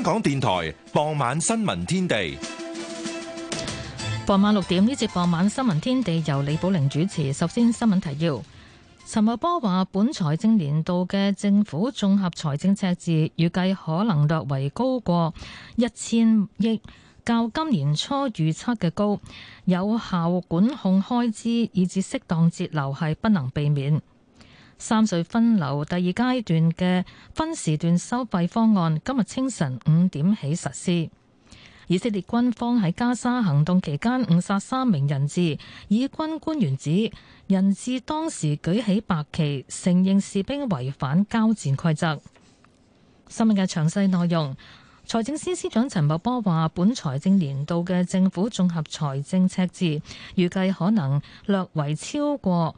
香港電台傍晚新聞天地。傍晚六點，呢節傍晚新聞天地由李寶玲主持。首先新聞提要：陳茂波話，本財政年度嘅政府綜合財政赤字預計可能略為高過一千億，較今年初預測嘅高。有效管控開支以至適當節流係不能避免。三隧分流第二階段嘅分時段收費方案，今日清晨五點起實施。以色列軍方喺加沙行動期間誤殺三名人質以軍官員指人質當時舉起白旗，承認士兵違反交戰規則。新聞嘅詳細內容，財政司司長陳茂波話本財政年度嘅政府綜合財政赤字預計可能略為超過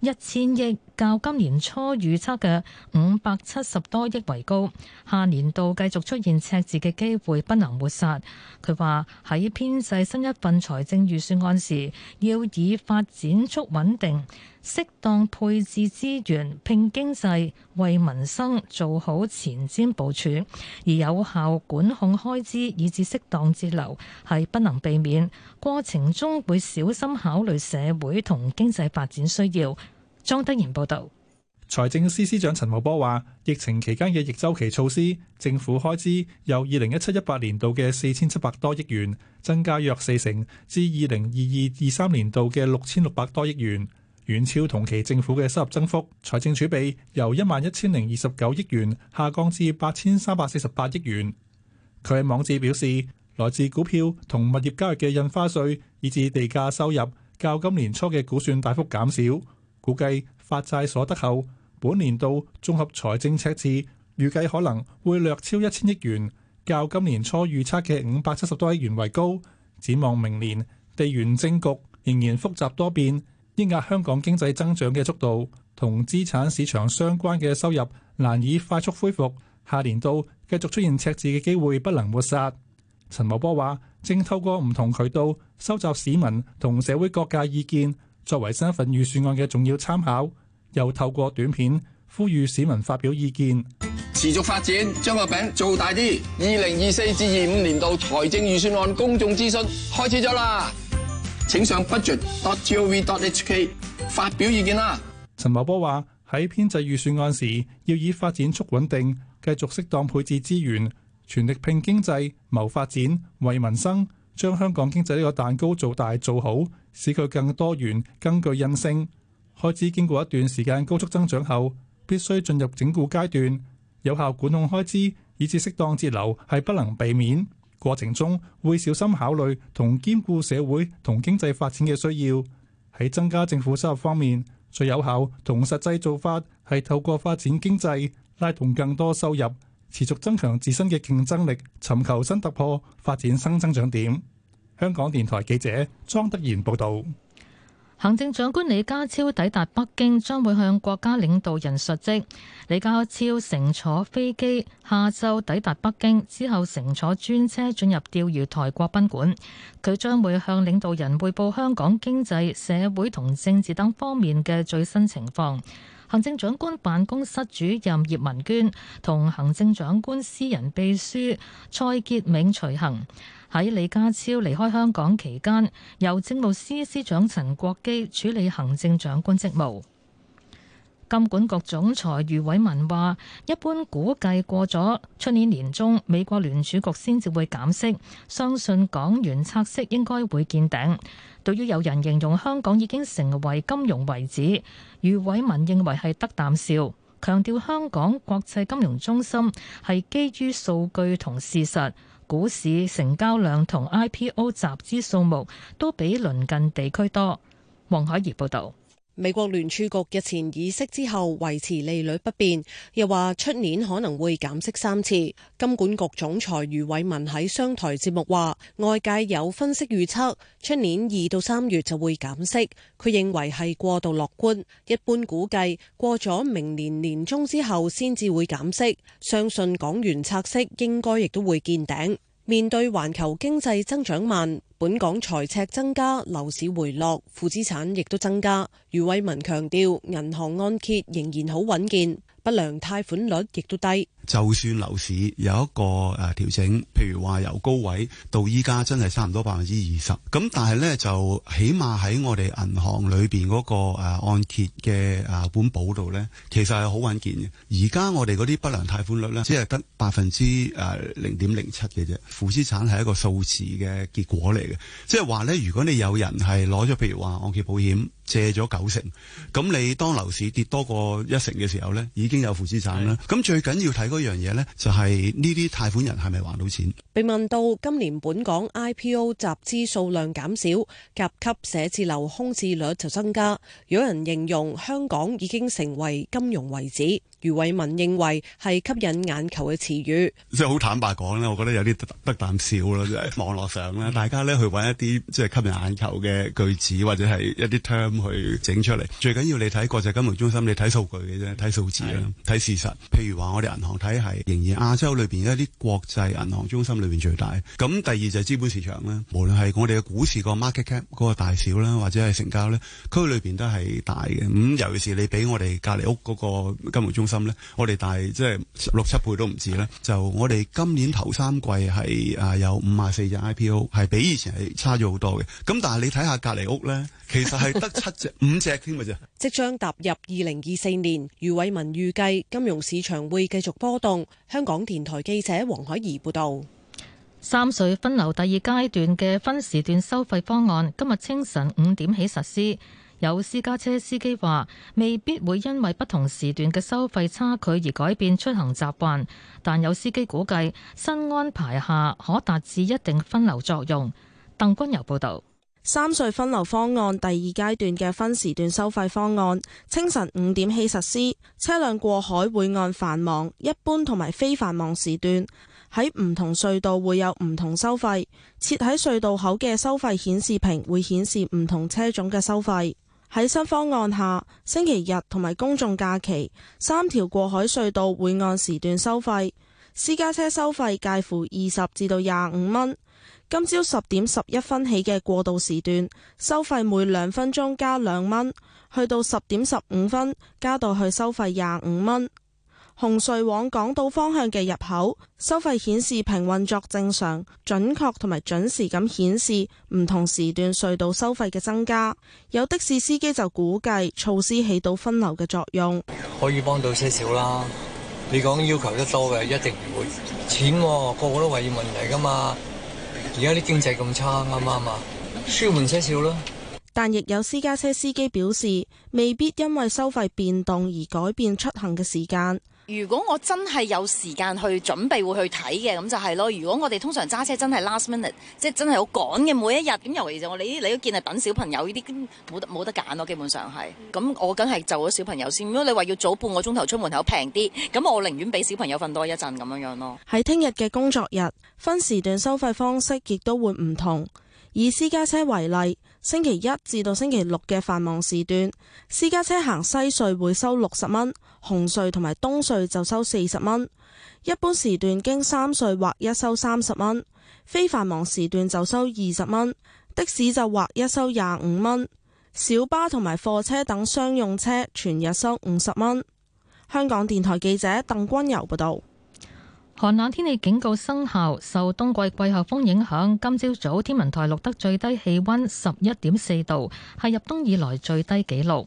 一千億。較今年初預測嘅五百七十多億為高，下年度繼續出現赤字嘅機會不能抹殺。佢話喺編製新一份財政預算案時，要以發展促穩定，適當配置資源，拼經濟，為民生做好前瞻部署，而有效管控開支以至適當節流，係不能避免。過程中會小心考慮社會同經濟發展需要。莊德言報道，財政司司長陳茂波話，疫情期間嘅逆周期措施，政府開支由二零一七一八年度嘅四千七百多億元增加約四成，至二零二二二三年度嘅六千六百多億元，遠超同期政府嘅收入增幅。財政儲備由一萬一千零二十九億元下降至八千三百四十八億元。佢喺網誌表示，來自股票同物業交易嘅印花稅，以至地價收入，較今年初嘅估算大幅減少。估計發債所得後，本年度綜合財政赤字預計可能會略超一千億元，較今年初預測嘅五百七十多億元為高。展望明年，地緣政局仍然複雜多變，抑壓香港經濟增長嘅速度，同資產市場相關嘅收入難以快速恢復。下年度繼續出現赤字嘅機會不能抹殺。陳茂波話，正透過唔同渠道收集市民同社會各界意見。作為新一份預算案嘅重要參考，又透過短片呼籲市民發表意見。持續發展，將個餅做大啲。二零二四至二五年度財政預算案公眾諮詢開始咗啦，請上 budget.gov.hk 發表意見啦。陳茂波話：喺編制預算案時，要以發展促穩定，繼續適當配置資源，全力拼經濟、謀發展、惠民生，將香港經濟呢個蛋糕做大做好，使佢更多元、更具韌性。開支經過一段時間高速增長後，必須進入整固階段，有效管控開支，以至適當節流係不能避免。過程中會小心考慮同兼顧社會同經濟發展嘅需要。喺增加政府收入方面，最有效同實際做法係透過發展經濟，拉動更多收入，持續增強自身嘅競爭力，尋求新突破，發展新增長點。香港電台記者莊德賢報道，行政長官李家超抵達北京，將會向國家領導人述職。李家超乘坐飛機，下晝抵達北京，之後乘坐專車進入釣魚台國賓館。佢將會向領導人匯報香港經濟、社會同政治等方面嘅最新情況。行政長官辦公室主任葉文娟同行政長官私人秘書蔡傑銘隨行。喺李家超離開香港期間，由政務司司長陳國基處理行政長官職務。金管局總裁余偉文話，一般估計過咗出年年中，美國聯儲局先至會減息，相信港元拆息應該會見頂。對於有人形容香港已經成為金融遺址，余偉文認為係得啖笑，強調香港國際金融中心係基於數據同事實，股市成交量同 IPO 集資數目都比鄰近地區多。黃海怡報道。美國聯儲局日前議息之後維持利率不變，又話出年可能會減息三次。金管局總裁余偉文喺商台節目話，外界有分析預測出年二到三月就會減息，佢認為係過度樂觀。一般估計過咗明年年中之後先至會減息，相信港元拆息應該亦都會見頂。面對環球經濟增長慢。本港財赤增加，樓市回落，負資產亦都增加。余偉文強調，銀行按揭仍然好穩健。不良貸款率亦都低，就算樓市有一個誒調整，譬如話由高位到依家真係差唔多百分之二十，咁但係咧就起碼喺我哋銀行裏邊嗰個按揭嘅誒本簿度咧，其實係好穩健嘅。而家我哋嗰啲不良貸款率咧，只係得百分之誒零點零七嘅啫。負資產係一個數字嘅結果嚟嘅，即係話咧，如果你有人係攞咗譬如話按揭保險。借咗九成，咁你當樓市跌多過一成嘅時候呢，已經有負資產啦。咁的最緊要睇嗰樣嘢呢，就係呢啲貸款人係咪還到錢？被問到今年本港 IPO 集資數量減少，甲級寫字樓空置率就增加，有人形容香港已經成為金融遺址。余偉文認為係吸引眼球嘅詞語，即係好坦白講咧，我覺得有啲得啖笑。啦、就是，即係網絡上咧，大家咧去揾一啲即係吸引眼球嘅句子或者係一啲 term 去整出嚟。最緊要你睇國際金融中心，你睇數據嘅啫，睇數字啦，睇的事實。譬如話我哋銀行體系仍然亞洲裏邊一啲國際銀行中心裏邊最大。咁第二就係資本市場啦，無論係我哋嘅股市個 market cap 嗰個大小啦，或者係成交咧，區裏邊都係大嘅。咁尤其是你俾我哋隔籬屋嗰個金融中心心咧，我哋大即係六七倍，都唔止咧。就我哋今年頭三季係誒、呃、有五廿四隻 IPO，係比以前係差咗好多嘅。咁但係你睇下隔籬屋咧，其實係得七隻 五隻添嘅啫。即將踏入二零二四年，余偉文預計金融市場會繼續波動。香港電台記者黃海怡報道。三隧分流第二階段嘅分時段收費方案，今日清晨五點起實施。有私家車司機話，未必會因為不同時段嘅收費差距而改變出行習慣，但有司機估計新安排下可達至一定分流作用。鄧君柔報道，三隧分流方案第二階段嘅分時段收費方案，清晨五點起實施，車輛過海會按繁忙一般同埋非繁忙時段，喺唔同隧道會有唔同收費，設喺隧道口嘅收費顯示屏會顯示唔同車種嘅收費。喺新方案下，星期日同埋公眾假期，三條過海隧道會按時段收費，私家車收費介乎二十至到廿五蚊。今朝十點十一分起嘅過渡時段，收費每兩分鐘加兩蚊，去到十點十五分，加到去收費廿五蚊。紅隧往港島方向嘅入口收費顯示屏運作正常，準確同埋準時咁顯示唔同時段隧道收費嘅增加。有的士司機就估計措施起到分流嘅作用，可以幫到些少啦。你講要求得多嘅一定唔會錢、啊、個個都為要問題㗎嘛。而家啲經濟咁差，啱唔啱啊？舒緩些少啦。但亦有私家車司機表示，未必因為收費變動而改變出行嘅時間。如果我真係有時間去準備，會去睇嘅，咁就係咯。如果我哋通常揸車真係 last minute，即係真係好趕嘅每一日咁，尤其就我哋呢，你都見係等小朋友呢啲冇得冇得揀咯。基本上係咁，我梗係就咗小朋友先。如果你話要早半個鐘頭出門口平啲，咁我寧願俾小朋友瞓多一陣咁樣樣咯。喺聽日嘅工作日，分時段收費方式亦都會唔同，以私家車為例。星期一至到星期六嘅繁忙時段，私家車行西隧會收六十蚊，紅隧同埋東隧就收四十蚊。一般時段經三隧劃一收三十蚊，非繁忙時段就收二十蚊。的士就劃一收廿五蚊，小巴同埋貨車等商用車全日收五十蚊。香港電台記者鄧君柔報道。寒冷天氣警告生效，受冬季季候風影響，今朝早天文台錄得最低氣温十一點四度，係入冬以來最低紀錄。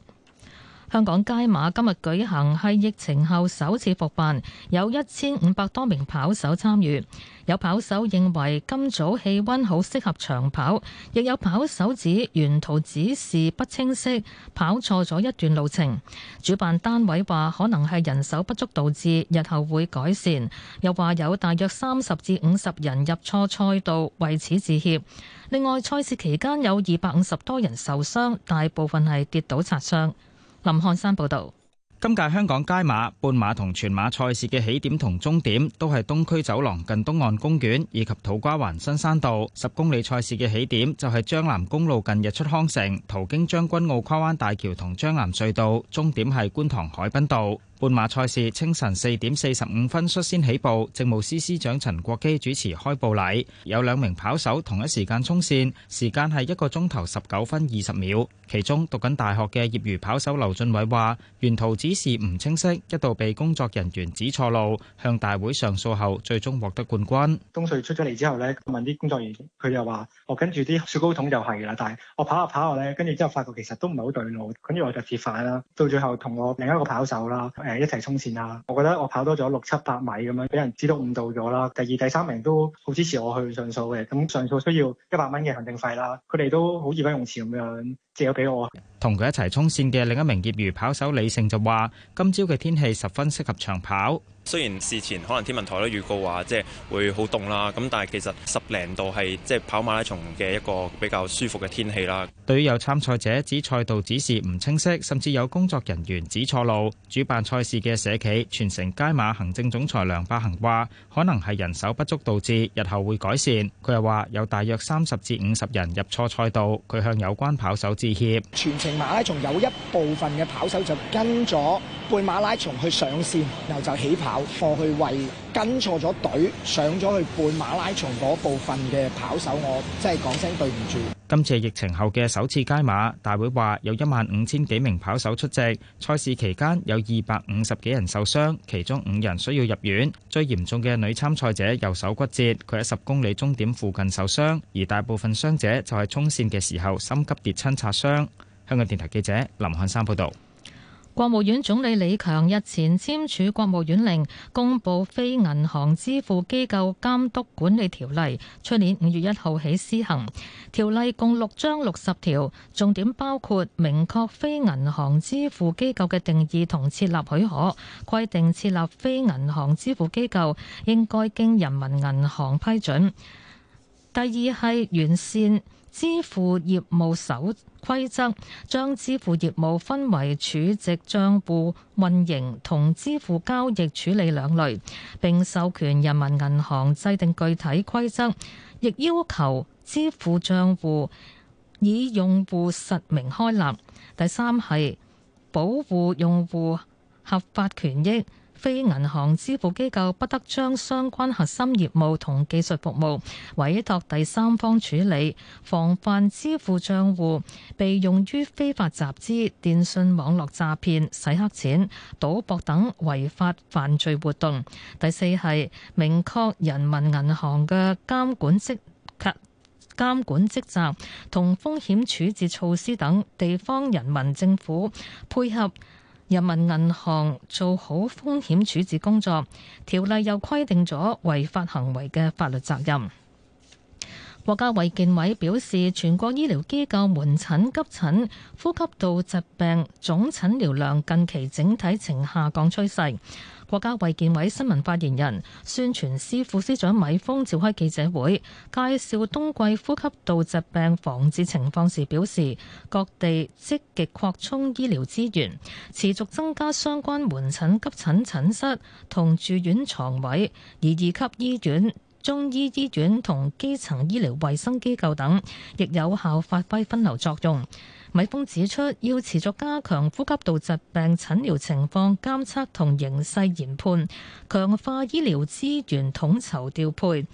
香港街馬今日舉行，係疫情後首次復辦，有一千五百多名跑手參與。有跑手認為今早氣溫好適合長跑，亦有跑手指沿途指示不清晰，跑錯咗一段路程。主辦單位話可能係人手不足導致，日後會改善。又話有大約三十至五十人入錯賽道，為此致歉。另外，賽事期間有二百五十多人受傷，大部分係跌倒擦傷。林漢山報道：今屆香港街馬，半馬同全馬賽事嘅起點同終點都係東區走廊近東岸公園，以及土瓜灣新山道。十公里賽事嘅起點就係將藍公路近日出康城，途經將軍澳跨灣大橋同將藍隧道，終點係觀塘海濱道。半馬賽事清晨四點四十五分率先起步，政務司司長陳國基主持開步禮。有兩名跑手同一時間衝線，時間係一個鐘頭十九分二十秒。其中讀緊大學嘅業餘跑手劉俊偉話：沿途指示唔清晰，一度被工作人員指錯路，向大會上訴後，最終獲得冠軍。東瑞出咗嚟之後呢，問啲工作人員，佢又話：我跟住啲雪糕筒就係啦，但係我跑下跑下呢，跟住之後發覺其實都唔係好對路，跟住我就折返啦。到最後同我另一個跑手啦。誒一齊衝線啊！我覺得我跑多咗六七百米咁樣，俾人知道誤導咗啦。第二第三名都好支持我去上訴嘅，咁上訴需要一百蚊嘅行政費啦。佢哋都好義不容辭咁樣。有咗俾啊？同佢一齊衝線嘅另一名業餘跑手李勝就話：，今朝嘅天氣十分適合長跑。雖然事前可能天文台都預告話，即係會好凍啦，咁但係其實十零度係即係跑馬拉松嘅一個比較舒服嘅天氣啦。對於有參賽者指賽道指示唔清晰，甚至有工作人員指錯路，主辦賽事嘅社企全城街馬行政總裁梁百恒話：，可能係人手不足導致，日後會改善。佢又話有大約三十至五十人入錯賽道，佢向有關跑手指。全程馬拉松有一部分嘅跑手就跟咗半馬拉松去上線，然後就起跑，我去為跟錯咗隊，上咗去半馬拉松部分嘅跑手，我即係講聲對唔住。今次疫情後嘅首次街馬大會話，有一萬五千幾名跑手出席。賽事期間有二百五十幾人受傷，其中五人需要入院。最嚴重嘅女參賽者右手骨折，佢喺十公里終點附近受傷，而大部分傷者就係衝線嘅時候心急跌親擦傷。香港電台記者林漢山報道。國務院總理李強日前簽署國務院令，公布《非銀行支付機構監督管理條例》，出年五月一號起施行。條例共六章六十條，重點包括明確非銀行支付機構嘅定義同設立許可，規定設立非銀行支付機構應該經人民銀行批准。第二係完善。支付業務，守規則，將支付業務分為儲值帳戶運營同支付交易處理兩類，並授權人民銀行制定具體規則，亦要求支付帳戶以用戶實名開立。第三係保護用戶合法權益。非銀行支付機構不得將相關核心業務同技術服務委託第三方處理，防範支付帳戶被用於非法集資、電信網絡詐騙、洗黑錢、賭博等違法犯罪活動。第四係明確人民銀行嘅監管職及監管職責同風險處置措施等，地方人民政府配合。人民銀行做好風險處置工作，條例又規定咗違法行為嘅法律責任。國家衛健委表示，全國醫療機構門診、急診、呼吸道疾病總診療量近期整體呈下降趨勢。國家衛健委新聞發言人、宣傳司副司長米鋒召開記者會，介紹冬季呼吸道疾病防治情況時表示，各地積極擴充醫療資源，持續增加相關門診、急診診室同住院床位，而二、二級醫院、中醫醫院同基層醫療衛生機構等亦有效發揮分流作用。米峰指出，要持續加強呼吸道疾病診療情況監測同形勢研判，強化醫療資源統籌調配，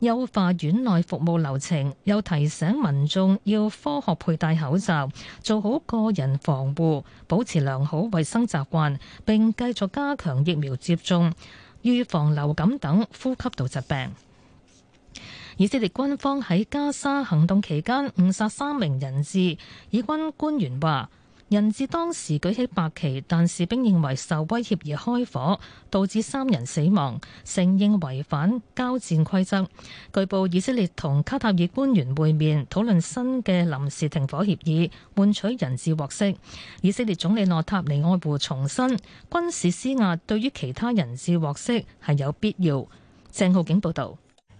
優化院內服務流程，又提醒民眾要科學佩戴口罩，做好個人防護，保持良好衛生習慣，並繼續加強疫苗接種，預防流感等呼吸道疾病。以色列軍方喺加沙行動期間誤殺三名人質。以軍官員話人質當時舉起白旗，但士兵認為受威脅而開火，導致三人死亡，承認違反交戰規則。據報以色列同卡塔爾官員會面，討論新嘅臨時停火協議，換取人質獲釋。以色列總理內塔尼亞胡重申，軍事施壓對於其他人質獲釋係有必要。鄭浩景報道。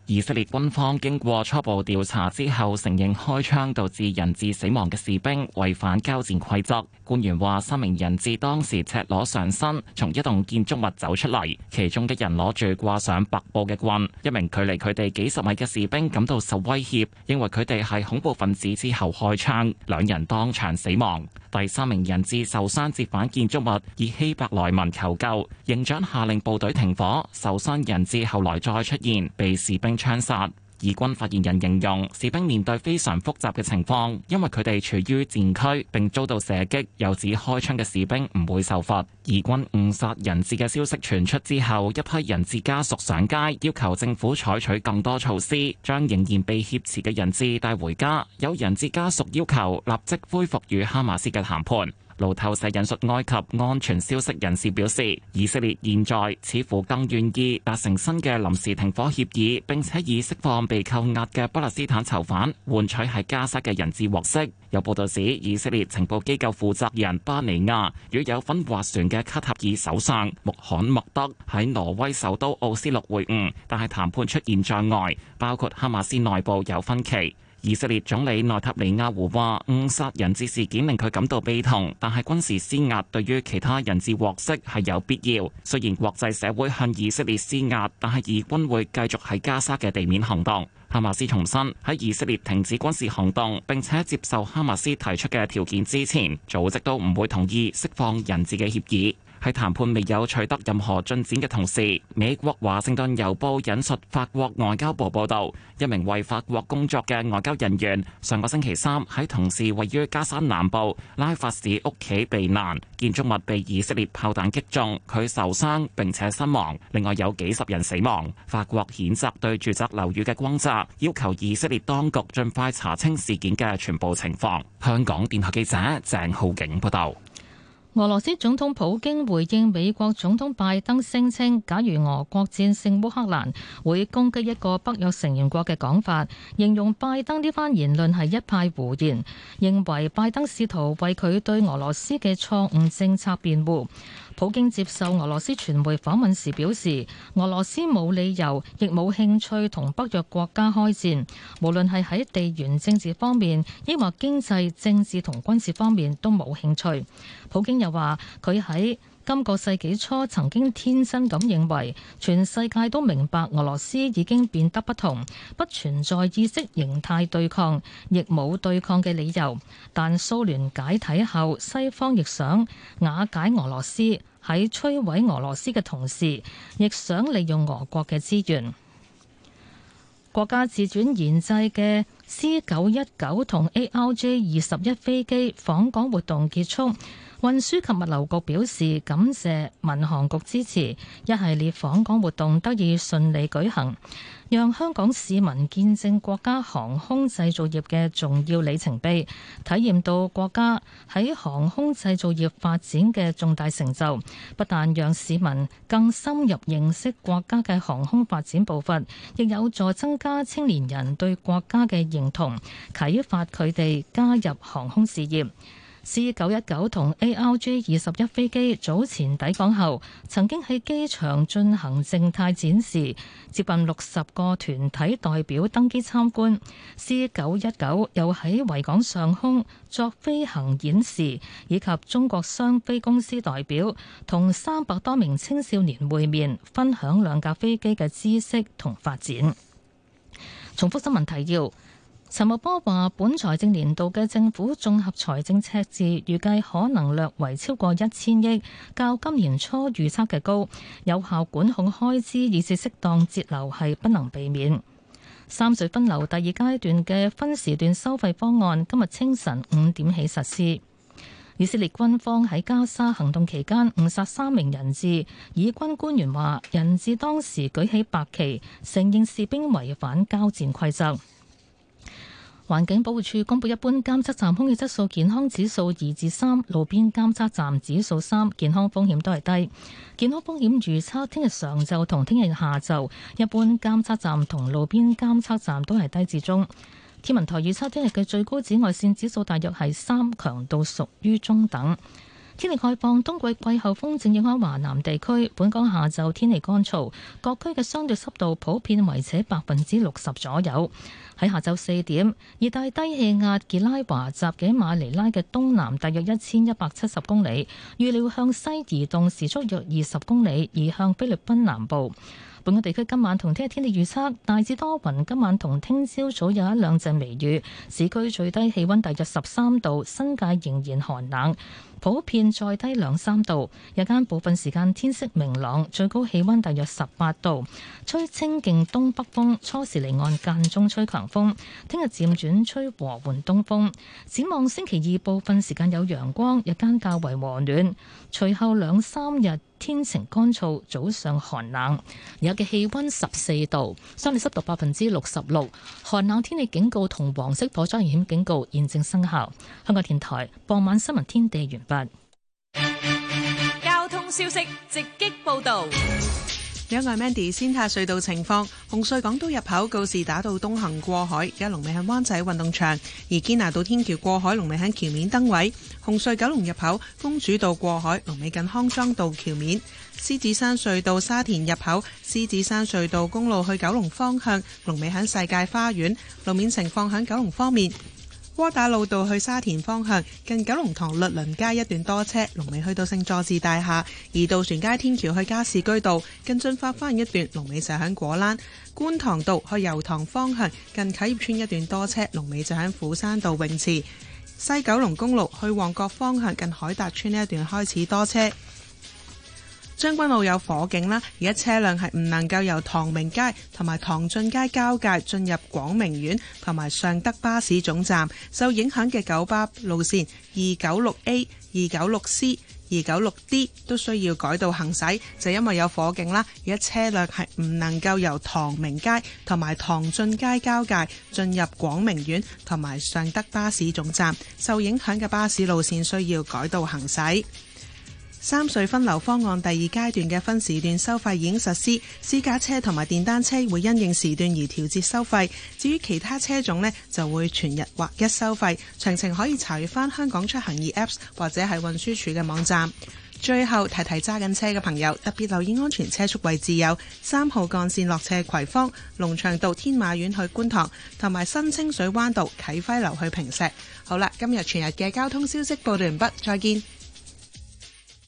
以色列軍方經過初步調查之後，承認開槍導致人質死亡嘅士兵違反交戰規則。官員話：三名人質當時赤裸上身，從一棟建築物走出嚟，其中一人攞住掛上白布嘅棍。一名距離佢哋幾十米嘅士兵感到受威脅，認為佢哋係恐怖分子之後開槍，兩人當場死亡。第三名人質受傷，折返建築物以希伯來文求救。營長下令部隊停火。受傷人質後來再出現，被士兵槍殺。以軍發言人形容士兵面對非常複雜嘅情況，因為佢哋處於戰區並遭到射擊，又指開槍嘅士兵唔會受罰。以軍誤殺人質嘅消息傳出之後，一批人質家屬上街要求政府採取更多措施，將仍然被挾持嘅人質帶回家。有人質家屬要求立即恢復與哈馬斯嘅談判。路透社引述埃及安全消息人士表示，以色列現在似乎更願意達成新嘅臨時停火協議，並且以釋放被扣押嘅巴勒斯坦囚犯換取係加沙嘅人質獲釋。有報道指，以色列情報機構負責人巴尼亞與有份划船嘅卡塔爾首相穆罕默德喺挪威首都奧斯陸會晤，但係談判出現障礙，包括哈馬斯內部有分歧。以色列總理內塔尼亞胡話，誤殺人質事件令佢感到悲痛，但係軍事施壓對於其他人質獲釋係有必要。雖然國際社會向以色列施壓，但係以軍會繼續喺加沙嘅地面行動。哈馬斯重申，喺以色列停止軍事行動並且接受哈馬斯提出嘅條件之前，組織都唔會同意釋放人質嘅協議。喺談判未有取得任何進展嘅同時，美國華盛頓郵報引述法國外交部報導，一名為法國工作嘅外交人員上個星期三喺同事位於加沙南部拉法市屋企避難，建築物被以色列炮彈擊中，佢受傷並且身亡。另外有幾十人死亡。法國譴責對住宅樓宇嘅轟炸，要求以色列當局盡快查清事件嘅全部情況。香港電台記者鄭浩景報道。俄羅斯總統普京回應美國總統拜登聲稱，假如俄國戰勝烏克蘭，會攻擊一個北約成員國嘅講法，形容拜登呢番言論係一派胡言，認為拜登試圖為佢對俄羅斯嘅錯誤政策辯護。普京接受俄羅斯傳媒訪問時表示，俄羅斯冇理由亦冇興趣同北約國家開戰，無論係喺地緣政治方面，抑或經濟、政治同軍事方面都冇興趣。普京又話，佢喺今個世紀初，曾經天真咁認為全世界都明白俄羅斯已經變得不同，不存在意識形態對抗，亦冇對抗嘅理由。但蘇聯解體後，西方亦想瓦解俄羅斯，喺摧毀俄羅斯嘅同時，亦想利用俄國嘅資源。國家自轉研製嘅 C 九一九同 ARJ 二十一飛機訪港活動結束。運輸及物流局表示，感謝民航局支持，一系列訪港活動得以順利舉行，讓香港市民見證國家航空製造業嘅重要里程碑，體驗到國家喺航空製造業發展嘅重大成就。不但讓市民更深入認識國家嘅航空發展步伐，亦有助增加青年人對國家嘅認同，啟發佢哋加入航空事業。C 九一九同 ARJ 二十一飛機早前抵港後，曾經喺機場進行靜態展示，接近六十個團體代表登機參觀。C 九一九又喺維港上空作飛行演示，以及中國商飛公司代表同三百多名青少年會面，分享兩架飛機嘅知識同發展。重複新聞提要。陳茂波話，本財政年度嘅政府綜合財政赤字預計可能略為超過一千億，較今年初預測嘅高。有效管控開支以至適當節流係不能避免。三隧分流第二階段嘅分時段收費方案今日清晨五點起實施。以色列軍方喺加沙行動期間誤殺三名人質，以軍官員話人質當時舉起白旗，承認士兵違反交戰規則。環境保護署公布一般監測站空氣質素健康指數二至三，路邊監測站指數三，健康風險都係低。健康風險預測，聽日上晝同聽日下晝，一般監測站同路邊監測站都係低至中。天文台預測，聽日嘅最高紫外線指數大約係三，強度屬於中等。天氣開放，冬季季候風正影響華南地區。本港下晝天氣乾燥，各區嘅相對濕度普遍維持喺百分之六十左右。喺下晝四點，熱帶低氣壓杰拉華集結馬尼拉嘅東南大約一千一百七十公里，預料向西移動，時速約二十公里，移向菲律賓南部。本港地區今晚同聽日天氣預測，大致多雲，今晚同聽朝早有一兩陣微雨。市區最低氣溫大約十三度，新界仍然寒冷，普遍再低兩三度。日間部分時間天色明朗，最高氣溫大約十八度，吹清勁東北風，初時離岸間中吹強風。聽日漸轉吹和緩東風。展望星期二部分時間有陽光，日間較為和暖。隨後兩三日，天晴乾燥，早上寒冷，而家嘅氣溫十四度，相對濕度百分之六十六，寒冷天氣警告同黃色火災危險警告現正生效。香港電台傍晚新聞天地完畢。交通消息直擊報導。香港 Mandy 先睇隧道情況，紅隧港島入口告士打道東行過海，龍尾喺灣仔運動場；而堅拿道天橋過海，龍尾喺橋面燈位。紅隧九龍入口公主道過海，龍尾近康莊道橋面。獅子山隧道沙田入口，獅子山隧道公路去九龍方向，龍尾喺世界花園。路面情況喺九龍方面。窩打老道去沙田方向，近九龍塘律倫街一段多車，龍尾去到聖佐治大廈；而渡船街天橋去加士居道，近駿發花園一段龍尾就喺果欄。觀塘道去油塘方向，近啟業村一段多車，龍尾就喺虎山道泳池。西九龍公路去旺角方向，近海達村呢一段開始多車。將軍澳有火警啦，而家車輛係唔能夠由唐明街同埋唐俊街交界進入廣明苑同埋尚德巴士總站。受影響嘅九巴路線二九六 a 二九六 c 二九六 d 都需要改道行駛，就係因為有火警啦。而家車輛係唔能夠由唐明街同埋唐俊街交界進入廣明苑同埋尚德巴士總站。受影響嘅巴士路線需要改道行駛。三隧分流方案第二階段嘅分時段收費已經實施，私家車同埋電單車會因應時段而調節收費。至於其他車種呢，就會全日劃一收費。詳情可以查閲翻香港出行易 Apps 或者係運輸署嘅網站。最後提提揸緊車嘅朋友，特別留意安全車速位置，有三號幹線落斜葵芳、龍翔道天馬苑去觀塘，同埋新清水灣道啟輝樓去坪石。好啦，今日全日嘅交通消息報道完畢，再見。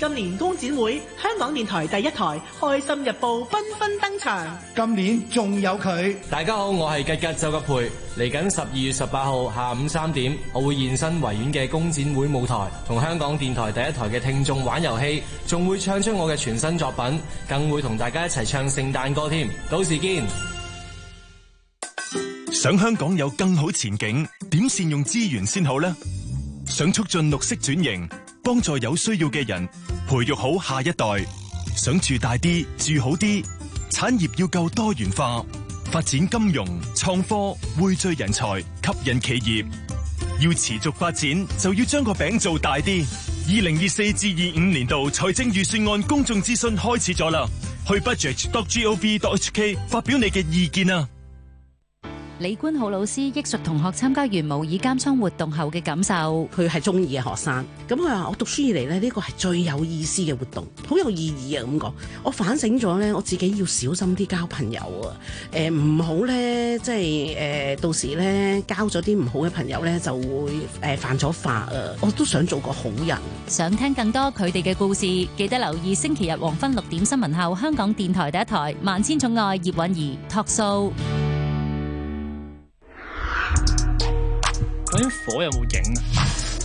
今年工展會，香港電台第一台《開心日報》紛紛登場。今年仲有佢。大家好，我係吉吉周吉培。嚟緊十二月十八號下午三點，我會現身維園嘅工展會舞台，同香港電台第一台嘅聽眾玩遊戲，仲會唱出我嘅全新作品，更會同大家一齊唱聖誕歌添。到時見。想香港有更好前景，點善用資源先好呢？想促進綠色轉型。幫助有需要嘅人，培育好下一代。想住大啲，住好啲，產業要夠多元化，發展金融、創科、匯聚人才、吸引企業。要持續發展，就要將個餅做大啲。二零二四至二五年度財政預算案公眾諮詢開始咗啦，去 budget.gov.hk 發表你嘅意見啊！李官浩老師憶述同學參加完模擬監倉活動後嘅感受：佢係中意嘅學生，咁佢話，我讀書以嚟咧，呢個係最有意思嘅活動，好有意義啊。咁講，我反省咗呢，我自己要小心啲交朋友啊。誒、呃，唔好呢，即係誒、呃，到時呢，交咗啲唔好嘅朋友呢，就會誒犯咗法啊。我都想做個好人。想聽更多佢哋嘅故事，記得留意星期日黃昏六點新聞後，香港電台第一台《萬千寵愛葉韻儀》托數。啲火有冇影啊？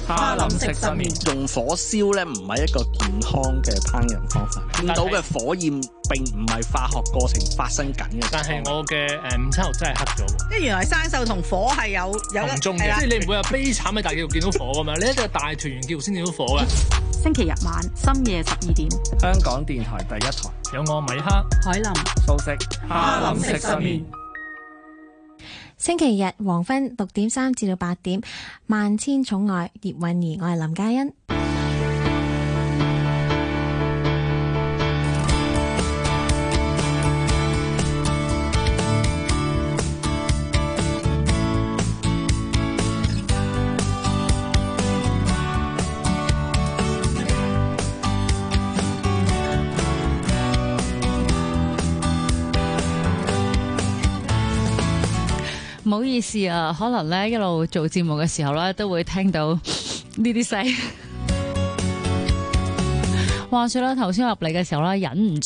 哈林食失眠，用火燒咧唔係一個健康嘅烹飪方法。見是到嘅火焰並唔係化學過程發生緊嘅，但係我嘅誒、呃、午餐肉真係黑咗。即係原來生鏽同火係、啊、有有唔同嘅，即係你唔會話悲慘嘅大叫見到火㗎嘛？ 你一定係大團圓叫先見到火嘅。 星期日晚深夜十二點，香港電台第一台有我米克。海林素食。哈林食失眠。星期日黃昏六點三至到八點，萬千寵愛葉蘊儀，我係林嘉欣。不好意思啊，可能咧，一路做節目嘅時候咧，都會聽到呢啲聲。話說咧，頭先我入嚟嘅時候咧，忍唔～